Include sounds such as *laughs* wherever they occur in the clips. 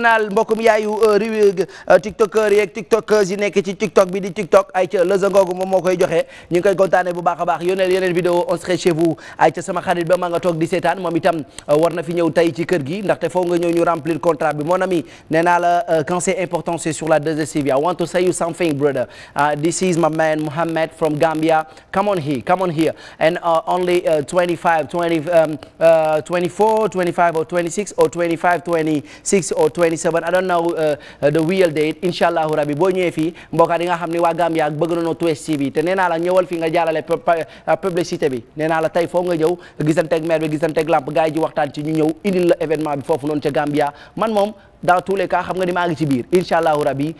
naal mbokkum yaayu euh, réew euh, tiktokeur yeeg tiktokers yi nekk ci tiktok bi di tiktok ay ca lësa ngoogu moom moo koy joxe ñu kontaane bu baax a baax yónneel yeneen vidéo on serait chez vous sama xarit ba nga toog di seetaan moom itam euh, fi ñëw tey kër gi ndaxte foo nga ñëw ñu remplir contrat bi mon ami nee naa important c'est sur la 2 I want to say you something brother uh, this is my Mohammed from Gambia come on here and uh, only uh, um, uh, or 27 I a know uh, uh, the real date inshallah rabbi boo ñëwee fii nga xam ne waa Gambia ak bëgg nañoo 2 bi te nee la ñëwal fi nga jàllale uh, publicité bi nee la tey nga ñëw gisanteeg maire bi gisanteeg lamp gars ji waxtaan ci ñu ñëw la événement bi foofu noonu ca Gambia man moom dans tous les cas nga ni maa ci biir inshallah rabbi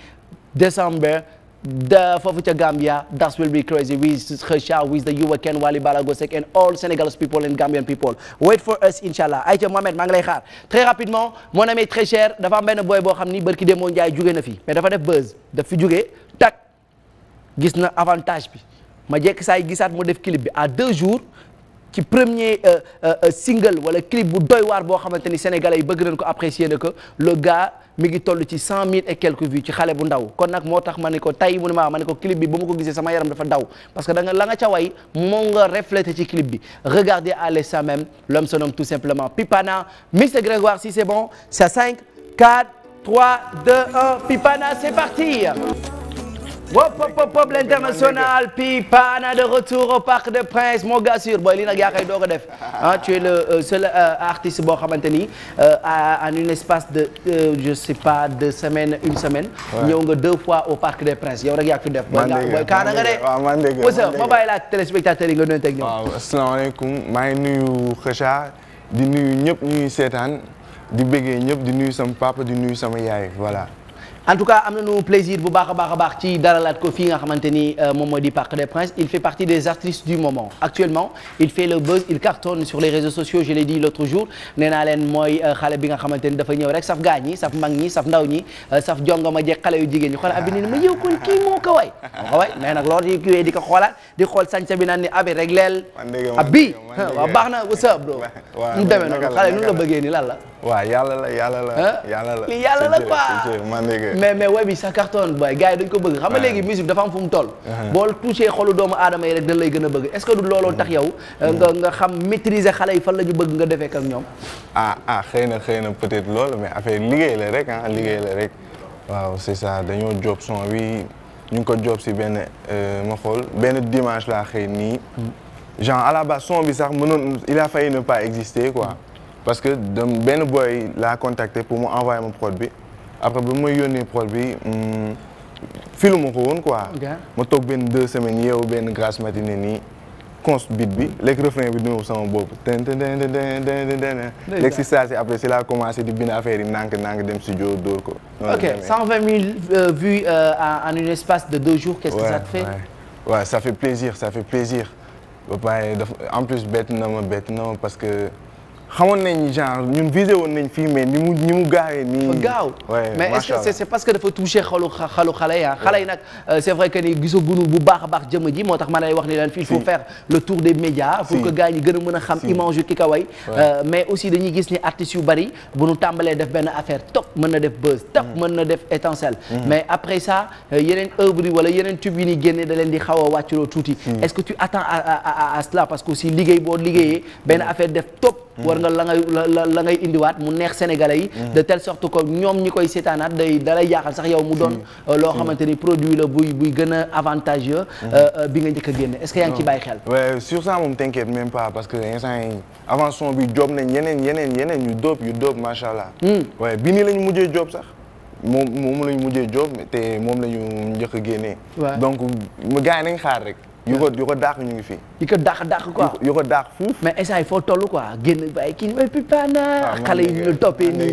décembre da foofu ca Gambia that will be crazy with Kheucha with the UWAKEN Wally Balago Seck and all Senegalese people and Gambian people wait for us inshallah ayca Mohamed maa ngi lay xaar très rapidement mon ami très cher dafa am benn boy boo xam ni barki Demba Ndiaye jugee na fi mais dafa def buzz daf fi jugee gis na avantage bi ma jekk saa gisaat moo def clip bi à deux jours ci premier euh, euh, euh, single wala clip bu doy waar boo xamante ni sénégalais yi bëgg nañ ko apprécier na que le mi ngi toll ci cent mille et quelques vues ci xale bu ndaw kon nag moo tax ma ne ko tey mu ne ma ma ne ko clip bi ba ma ko gisee sama yaram dafa daw parce que nga la nga ca way moo nga reflété ci clip bi regardez à l'œil ça même l'homme se nomme tout simplement Pipana Mr Grégoire si c'est bon c'est à 5 4 3 2 1 Pipana c'est parti wop pop pop pop l'international Pi Pana de retour au Parc des Princes moo gars sûr booy lii nag yaa koy doog a def ah tu es le euh, seul euh, artiste boo xamante ni euh, en un espace de je sais pas de semaines une semaine. ñëw nga deux fois au Parc des Princes yow rek yaa fi def. man dëgg la kaana nga de waaw man dëgg la ma bàyyi la téléspectateur yi nga doon maa ngi nuyu Kheucha di nuyu ñëpp ñuy seetaan di bëggee ñëpp di nuyu sama papa di nuyu sama yaay voilà. en tout cas am nañu plaisir bu baax a baax a baax ci dalalaat ko fii ni euh, moom moo di Parc des Princes il fait partie des artistes du moment actuellement il fait le buzz il cartonne sur les réseaux sociaux je l'ai dit l'autre jour nee naa leen mooy euh, xale bi nga xamante ni dafa ñëw rek saf gaañ ñi saf mag ñi saf ndaw ñi euh, saf jongoma jeeg xale yu jigéen ñi xool abi ni ma yow mais nag loolu di ko xoolaat di xool sañca bi naan ni abi rek leel baax na what's up bro *laughs* mu demee noonu xale nu la bëggee ni yàlla la yàlla la yàlla la la mais mais web bi sa carton boy gars yi dañ ko bëgg xam nga léegi musique dafa am fu mu toll uh-huh. boo touché xolu doomu aadama yi rek dañ lay gën a bëgg est du looloo tax uh-huh. yow euh, uh-huh. nga xam maîtriser xale yi fan la ñu bëgg nga defee ak ñoom ah ah xëy na xëy na peut-être loolu mais affaire liggéey la rek ah liggéey la rek waaw c'est ça dañoo job son bi ñu ngi ko job si benn euh, ma xool benn dimanche laa xëy nii hmm. genre à la base son bi sax mënoon il a failli ne pa exister quoi hmm. parce que benn boy laa contacté pour mu envoyer ma prod bi après bu may yónnee prod bi hmm, filuma ko woon quoi. ma toog benn deux semaines yeewu benn grasse matinée nii. cons bit bi léegi refrain bi ñëw sama bopp ten ten ten ten léegi si saa si après si laa commencé di bind affaire yi nànk nànk dem studio dóor ko. ok 120 000 euh, vues euh, en espace de deux jours. qu'est-ce que ça te fait waaw ça fait plaisir ça fait plaisir. ba pare en plus bett que. xamoon nañ genre ñun visé woon nañ fii mais ni mu ni nii. gaaw parce que dafa touché xalu xalu xale ya ah? xale yi nag euh, c'est vrai que ni gisaguñu bu baax a baax jëmm ji moo tax ma lay wax ni leen fii il faut faire le tour des médias pour que gars yi gën a mën a xam image ki ka euh, mais aussi dañuy gis ni artistes yu bari bu nu tàmbalee def benn affaire top mën na def buzz top mm. mën na def étincelle mm-hmm. mais après ça euh, yeneen œuvre yi wala yeneen tube yi ni génne da di xaw a wàcculoo tuuti mm. est à à à cela parce que liggéey boo liggéeyee mm. benn affaire def top war nga la ngay la la ngay indiwaat mu neex sénégalais yi mm. de telle sorte que ñoom ñi koy seetaanaat day dalay jaaxal sax yow mu doon mm. euh, loo mm. xamante ni produit la buy buy gën a avantageux euh, euh, bi nga njëkk a génne est-ce que yaa ngi ci bàyyi xel ouais sur moom t'inquiète même pas parce que instant avantion bi job nañ yeneen yeneen yeneen yu dóob yu dóob macha allah waaye bi nii lañu mujjee job sax moom moom lañu mujjee job te moom lañu njëkk génne génnee donc gars yi nañ xaar rek yu ko yu ko dàq ñu ngi fi. yu ko dàq dàq quoi yu ko dàq fuuf. mais instant toll quoi génn bàyyi kii ay pipaana ah, xale yi ñu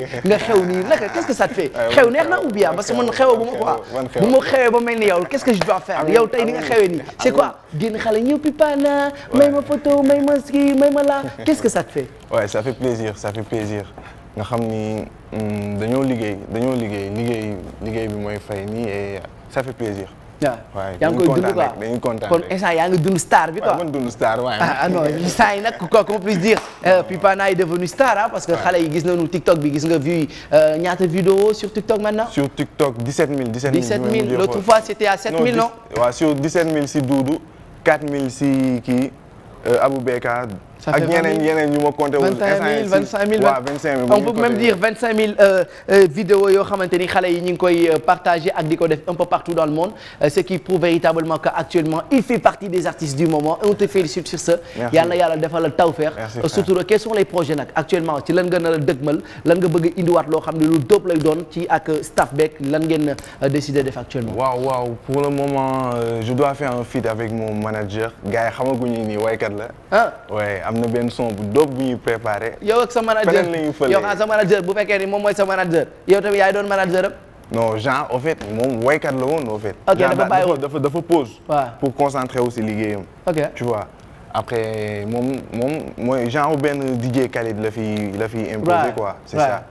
*laughs* nga xew nii naka qu'est-ce que ça te fait ah, xew neex na ou bien parce que man xew bu ma quoi ma xewee ba mel ni yow qu'est-ce que je dois faire ah, yow tey ni nga xewee nii c'est quoi génn xale ñëw pipaana may ma photo may ma ski may ma laa qu'est-ce que ça te plaisir nga xam ni hmm, dañoo liggéey dañoo liggéey liggéey liggéey bi mooy fay ni et ça fait plaisir waaw yaa ngi koy dund quoi ngi dund star bi quoi waaw man dund star ah non saa yi nag quoi qu'on dire. Pipa naa yi devenu star ah parce que xale yi gis na nu nañu TikTok bi gis nga vue eh, ñaata vidéo sur TikTok maintenant. sur TikTok 17000 17000. 17000 l'autre fois c'était à 7000 non. waaw sur 17000 si Doudou si kii euh, Abou ça fait ak yeneen yeneen yu ma compté woon. vingt xale yi ñu ngi koy euh, partagé ak di ko def un peu partout dans le monde euh, ce qui prouve véritablement que actuellement il fait partie des artistes du euh, a dëgmal lan nga a loo xam doon ci ak staff beeg lan ngeen décider def actuellement. waaw waaw pour le moment je dois faire un feat avec mon manager am na benn son bu dóob bu ñuy préparé. yow ak sa manager yow ak sa manager bu fekkee ni moom mooy sa manager yow tamit yaay doon manager am. non Jean au fait moom woykat la woon au fait. ok dafa bàyyi woon dafa dafa pause. pour concentrer aussi liggéeyam. ok tu vois après moom moom mooy genre benn DJ Khalid la fi la fi imposé quoi. c'est ça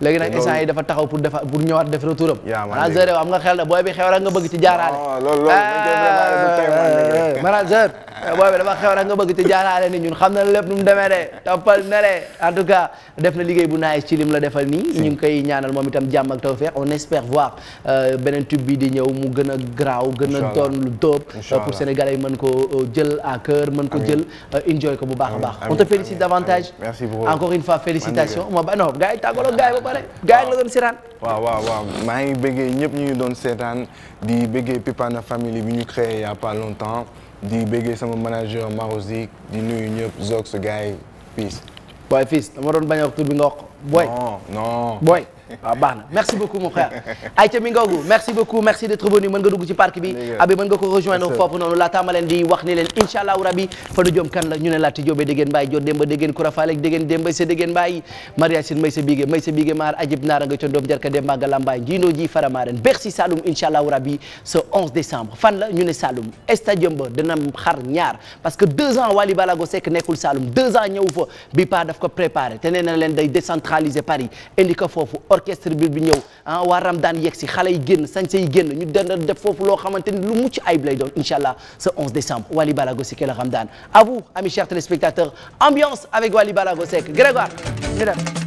léegi nag dafa taxaw pour defa pour ñëwaat def retour am. yaa manager am nga xel ne booy bi xew rek nga bëgg ci jaaraale. loolu loolu Eh, booy bi xew rek nga bëgg ci jaaraale ni ñun xam na lépp nu mu demee de toppal nele en tout cas def na liggéey bu naaj ci lim la defal nii ñu ngi koy ñaanal moom itam jàmm ak tawfeex on espère voir euh, beneen tube bi di ñëw mu gën a graaw gën a doon lu dóob euh, pour sénégalais yi mën ko euh, jël à cœur mën ko jël enjoy ko bu baax a baax on te félicite davantage merci beaucoup encore une fois félicitations moo ba non gars yi tàggaloo gars pare gars la doon seetaan waaw waaw waaw maa ngi bëggee ñëpp ñu ñu doon seetaan di bëggee Pipana family bi ñu a pas longtemps di bëggee sama manager Marozik di nuyu ñëpp Zox gars yi peace. waaye fils dama doon bañ a wax bi nga booy non non booy. waaw ah, merci beaucoup *laughs* merci beaucoup merci d'être venu nga dugg ci parc bi abi mën nga ko rejoindre foofu noonu laataa ma di wax ni leen insha jom kan la ñu ne laata jóobee déggeen mbaay jot démba déggeen koura falek déggeen démbay sa déggeen mbaay sin may sa bigé may sa bigé maar ajib naara nga con doom jarka ji faramaren Bercy Saloum insha allahu rabi ce décembre fan la ñu ne Saloum stadium ba dana xar ñaar parce que deux ans Wally Balago na leen day décentraliser décentraliser Paris indi ko foofu orchestre bi bi ñëw ah waa Ramdaan yegg si xale yi génn sañse yi génn ñu dana foofu loo xamante ni lu mucc ayib lay doon incha allah ce 11 décembre Wally Balago Seck le Ramdaan à vous amis chers ambiance avec Wally Balago Grégoire ñu